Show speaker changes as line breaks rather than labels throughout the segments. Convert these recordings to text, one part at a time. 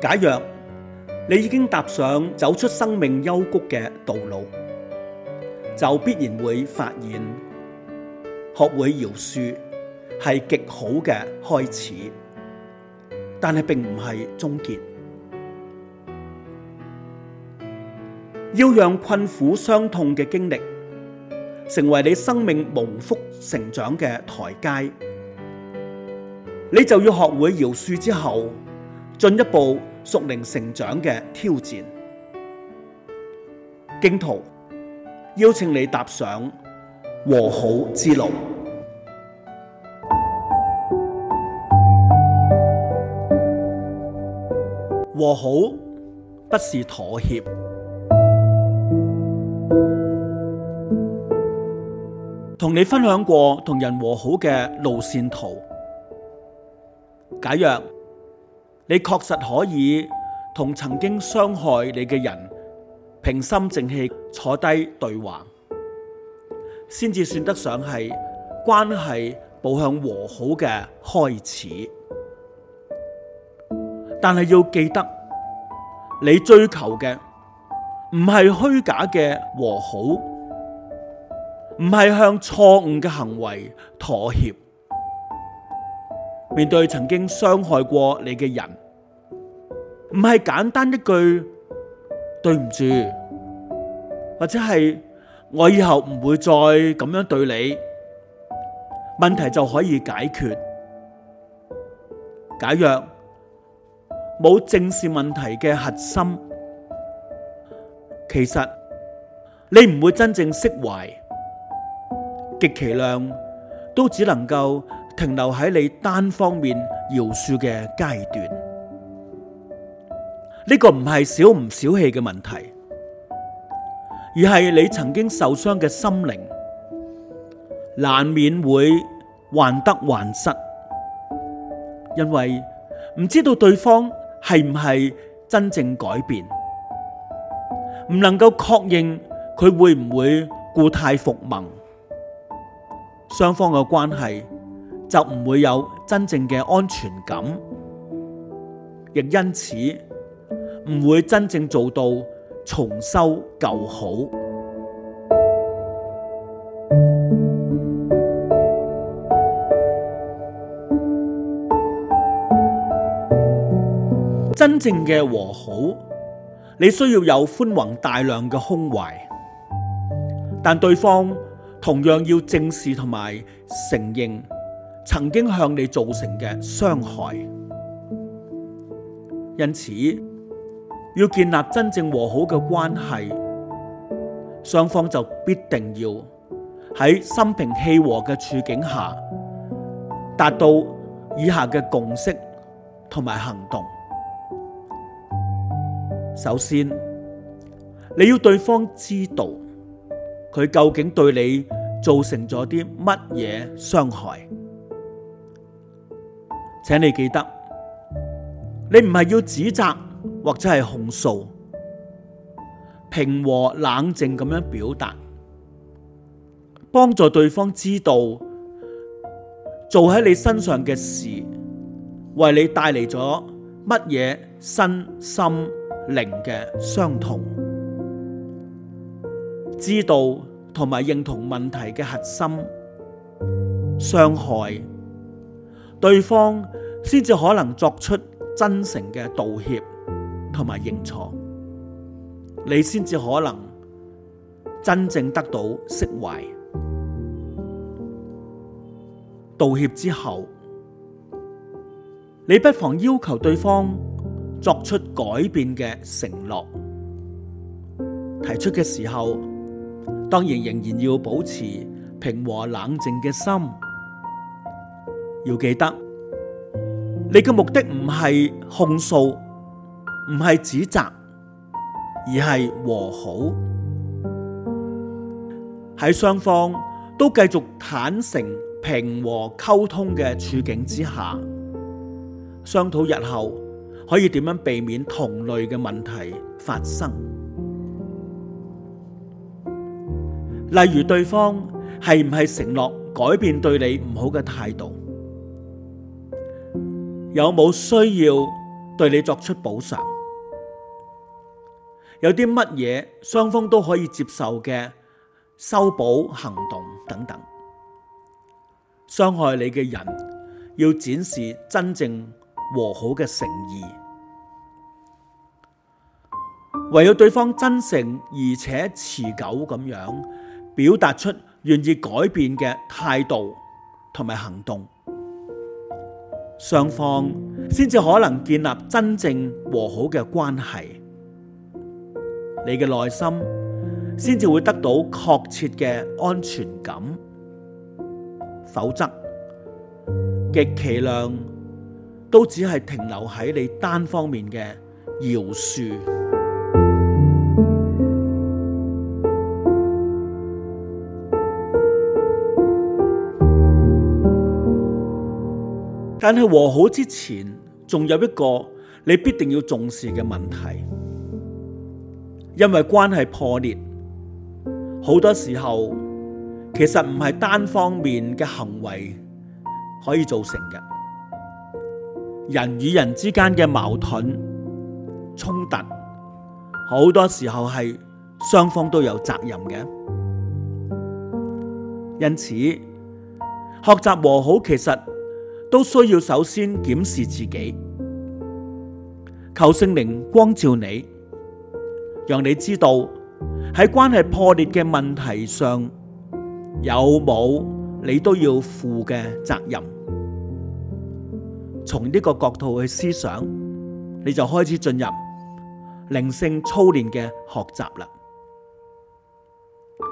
假若你已經踏上走出生命幽谷嘅道路，就必然會發現學會饒恕係極好嘅開始，但係並唔係終結。要讓困苦傷痛嘅經歷成為你生命蒙福成長嘅台階，你就要學會饒恕之後進一步。熟齡成長嘅挑戰，荊徒邀請你踏上和好之路。和好不是妥協。同你分享過同人和好嘅路線圖，假若你確實可以同曾經傷害你嘅人平心靜氣，坐低對話，先至算得上係關係步向和好嘅開始。但係要記得，你追求嘅唔係虛假嘅和好，唔係向錯誤嘅行為妥協。面對曾經傷害過你嘅人，唔係簡單一句對唔住，或者係我以後唔會再咁樣對你，問題就可以解決。假若冇正視問題嘅核心，其實你唔會真正釋懷，極其量都只能夠。停留喺你單方面饒恕嘅階段，呢個唔係小唔小氣嘅問題，而係你曾經受傷嘅心靈難免會患得患失，因為唔知道對方係唔係真正改變，唔能夠確認佢會唔會故態復萌，雙方嘅關係。就唔會有真正嘅安全感，亦因此唔會真正做到重修舊好。真正嘅和好，你需要有寬宏大量嘅胸懷，但對方同樣要正視同埋承認。曾經向你造成嘅傷害，因此，要建立真正和好嘅關係，雙方就必定要喺心平氣和嘅處境下達到以下嘅共識同埋行動。首先，你要對方知道，佢究竟對你造成咗啲乜嘢傷害。請你記得，你唔係要指責或者係控訴，平和冷靜咁樣表達，幫助對方知道做喺你身上嘅事，為你帶嚟咗乜嘢身心靈嘅傷痛，知道同埋認同問題嘅核心傷害。對方先至可能作出真誠嘅道歉同埋認錯，你先至可能真正得到釋懷。道歉之後，你不妨要求對方作出改變嘅承諾。提出嘅時候，當然仍然要保持平和冷靜嘅心。要記得，你嘅目的唔係控訴，唔係指責，而係和好。喺雙方都繼續坦誠、平和溝通嘅處境之下，商討日後可以點樣避免同類嘅問題發生。例如，對方係唔係承諾改變對你唔好嘅態度？有冇需要對你作出補償？有啲乜嘢雙方都可以接受嘅修補行動等等。傷害你嘅人要展示真正和好嘅誠意，唯有對方真誠而且持久咁樣表達出願意改變嘅態度同埋行動。雙方先至可能建立真正和好嘅關係，你嘅內心先至會得到確切嘅安全感，否則極其量都只係停留喺你單方面嘅饒恕。但係和好之前，仲有一個你必定要重視嘅問題，因為關係破裂，好多時候其實唔係單方面嘅行為可以造成嘅。人與人之間嘅矛盾衝突，好多時候係雙方都有責任嘅。因此，學習和好其實都需要首先檢視自己，求聖靈光照你，讓你知道喺關係破裂嘅問題上有冇你都要負嘅責任。從呢個角度去思想，你就開始進入靈性操練嘅學習啦。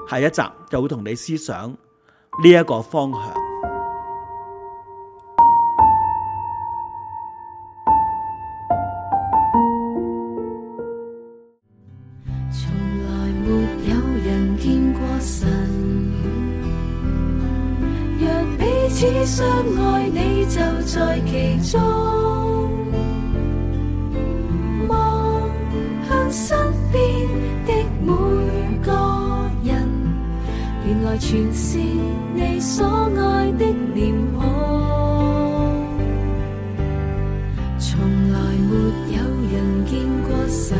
下一集就會同你思想呢一個方向。
就在其中，望向身邊的每個人，原來全是你所愛的臉孔。從來沒有人見過神，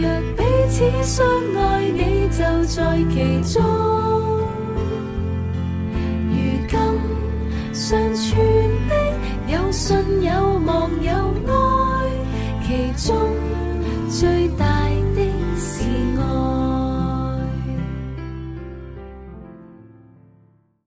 若彼此相愛，你就在其中。常存的有信有望有愛，其中。